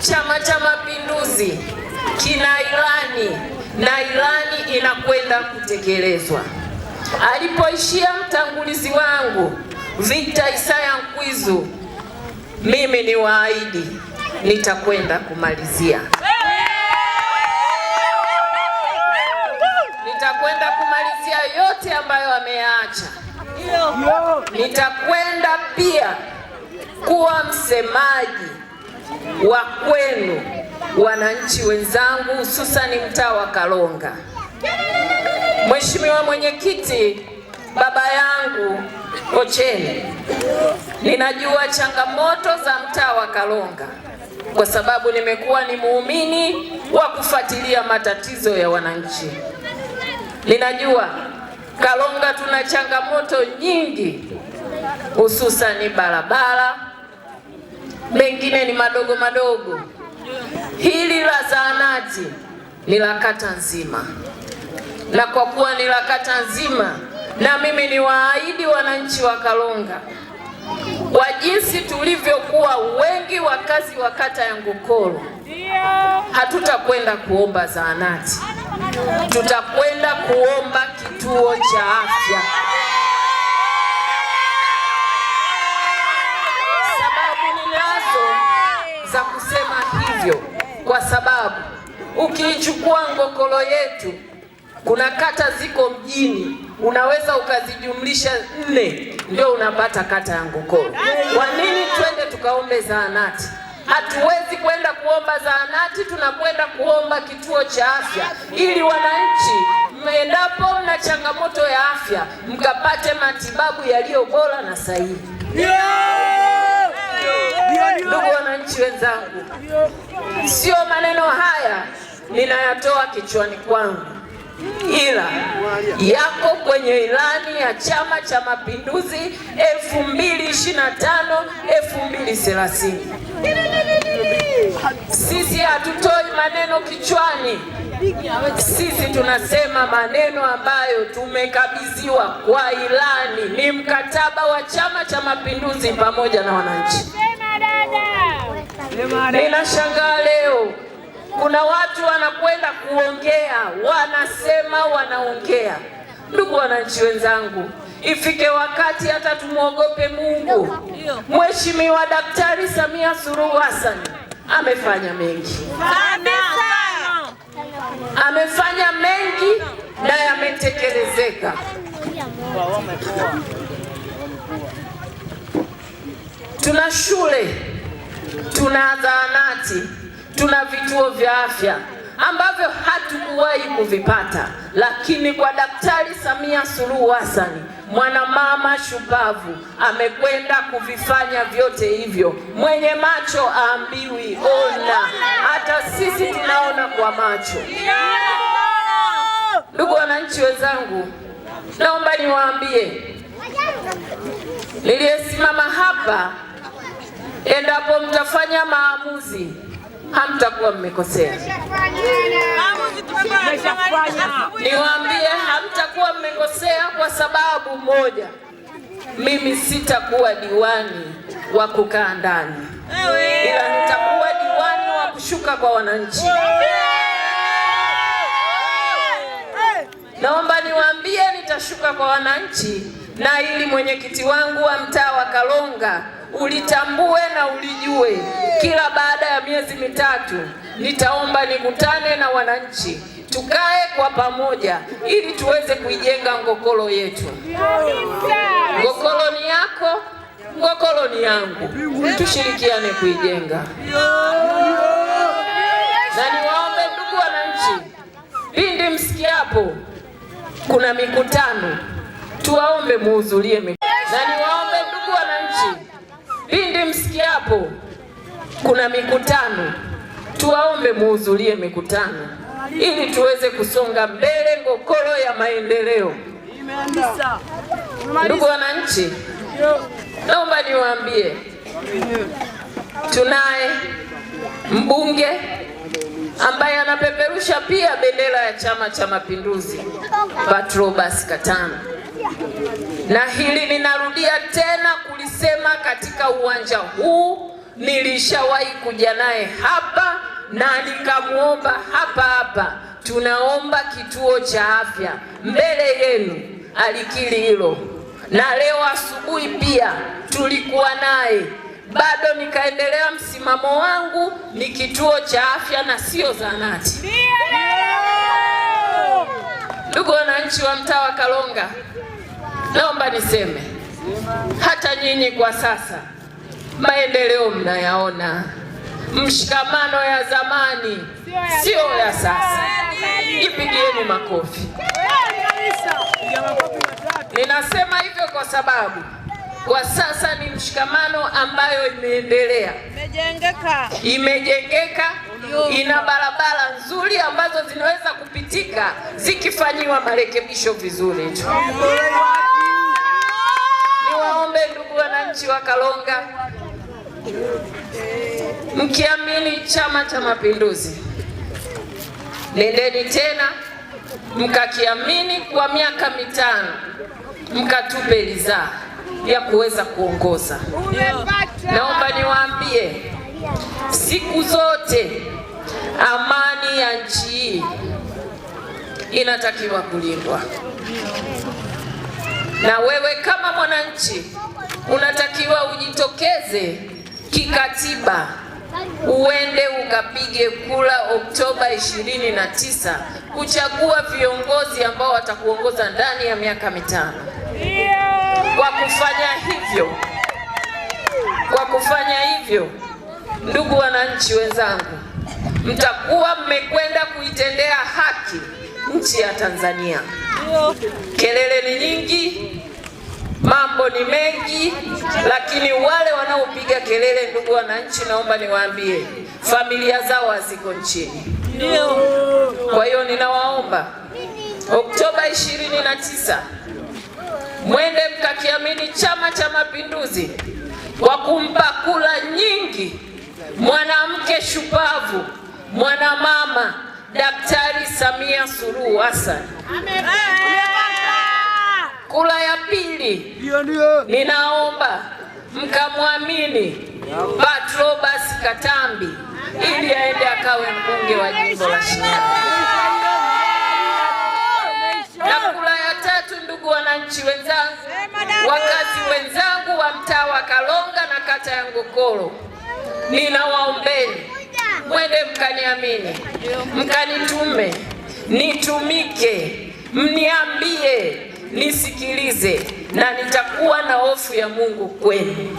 Chama cha Mapinduzi kina ilani na ilani inakwenda kutekelezwa. Alipoishia mtangulizi wangu Victor Isaya Nkwizu, mimi ni waahidi nitakwenda kumalizia, nitakwenda kumalizia yote ambayo ameyaacha. Nitakwenda pia kuwa msemaji wa kwenu wananchi wenzangu, hususani mtaa wa Kalonga. Mheshimiwa Mwenyekiti, baba yangu Ocheni, ninajua changamoto za mtaa wa Kalonga kwa sababu nimekuwa ni muumini wa kufuatilia matatizo ya wananchi. Ninajua Kalonga tuna changamoto nyingi, hususani barabara mengine ni madogo madogo. Hili la zahanati ni la kata nzima, na kwa kuwa ni la kata nzima, na mimi ni waahidi wananchi wa Kalonga kwa jinsi tulivyokuwa wengi wakazi wa kata ya Ngokoro, hatutakwenda kuomba zahanati, tutakwenda kuomba kituo cha afya. za kusema hivyo, kwa sababu ukiichukua Ngokolo yetu, kuna kata ziko mjini, unaweza ukazijumlisha nne, ndio unapata kata ya Ngokolo. Kwa nini twende tukaombe zahanati? Hatuwezi kwenda kuomba zahanati, tunakwenda kuomba kituo cha afya, ili wananchi mwendapo mna changamoto ya afya mkapate matibabu yaliyo bora na sahihi. Ndugu wananchi wenzangu, sio maneno haya ninayatoa kichwani kwangu, ila yako kwenye ilani ya Chama cha Mapinduzi 2025 2030. Sisi hatutoi maneno kichwani, sisi tunasema maneno ambayo tumekabidhiwa kwa ilani, ni mkataba wa Chama cha Mapinduzi pamoja na wananchi. Ninashangaa leo kuna watu wanakwenda kuongea, wanasema wanaongea. Ndugu wananchi wenzangu, ifike wakati hata tumwogope Mungu. Mheshimiwa Daktari Samia Suluhu Hassan amefanya mengi, amefanya mengi na yametekelezeka tuna shule, tuna zahanati, tuna vituo vya afya ambavyo hatukuwahi kuvipata, lakini kwa Daktari Samia Suluhu Hassan mwanamama shupavu amekwenda kuvifanya vyote hivyo. Mwenye macho aambiwi ona, hata sisi tunaona kwa macho. Ndugu wananchi wenzangu, naomba niwaambie niliyesimama hapa Endapo mtafanya maamuzi hamtakuwa mmekosea. Niwaambie, hamtakuwa mmekosea kwa sababu moja, mimi sitakuwa diwani wa kukaa ndani, ila nitakuwa diwani wa kushuka kwa wananchi. Naomba niwaambie, nitashuka kwa wananchi, na ili mwenyekiti wangu wa mtaa wa Kalonga ulitambue na ulijue, kila baada ya miezi mitatu nitaomba nikutane na wananchi tukae kwa pamoja ili tuweze kuijenga Ngokolo yetu. Ngokolo ni yako, Ngokolo ni yangu, tushirikiane kuijenga. Na niwaombe ndugu wananchi, pindi msikiapo kuna mikutano, tuwaombe muhudhurie. Na niwaombe pindi msikiapo kuna mikutano, tuwaombe muhudhurie mikutano ili tuweze kusonga mbele ngokoro ya maendeleo. Ndugu wananchi, naomba niwaambie, tunaye mbunge ambaye anapeperusha pia bendera ya Chama cha Mapinduzi, Patrobas Katana. Na hili ninarudia tena kulisema katika uwanja huu, nilishawahi kuja naye hapa na nikamwomba hapa hapa, tunaomba kituo cha afya mbele yenu, alikiri hilo. Na leo asubuhi pia tulikuwa naye bado nikaendelea msimamo wangu, ni kituo cha afya na sio zahanati. Ndugu wananchi wa mtaa wa Kalonga, Naomba niseme hata nyinyi kwa sasa maendeleo mnayaona, mshikamano ya zamani sio ya sasa. Ipigieni makofi. Ninasema hivyo kwa sababu kwa sasa ni mshikamano ambayo imeendelea, imejengeka, imejengeka, ina barabara nzuri ambazo zinaweza kupitika zikifanyiwa marekebisho vizuri tu niwaombe ndugu wananchi wa Kalonga, mkiamini Chama cha Mapinduzi, nendeni tena mkakiamini kwa miaka mitano, mkatupe ridhaa ya kuweza kuongoza. Naomba niwaambie siku zote amani ya nchi hii inatakiwa kulindwa. Na wewe kama mwananchi unatakiwa ujitokeze kikatiba, uende ukapige kura Oktoba 29 kuchagua viongozi ambao watakuongoza ndani ya miaka mitano. Kwa kufanya hivyo, kwa kufanya hivyo, ndugu wananchi wenzangu, mtakuwa mmekwenda kuitendea haki nchi ya Tanzania kelele ni nyingi, mambo ni mengi, lakini wale wanaopiga kelele, ndugu wananchi, naomba niwaambie familia zao haziko nchini. Kwa hiyo ninawaomba Oktoba 29 mwende mkakiamini Chama cha Mapinduzi kwa kumpa kula nyingi mwanamke shupavu, mwanamama Daktari Samia Suluhu Hassan. Kula ya pili, ninaomba mkamwamini Patrobas Katambi ili aende akawe mbunge wa jimbo la Shinyanga. Na kula ya tatu, ndugu wananchi wenzangu, wakazi wenzangu wa mtaa wa Kalonga na kata ya Ngokoro, ninawaombeni mwende mkaniamini, mkanitume, nitumike, mniambie, nisikilize, na nitakuwa na hofu ya Mungu kwenu.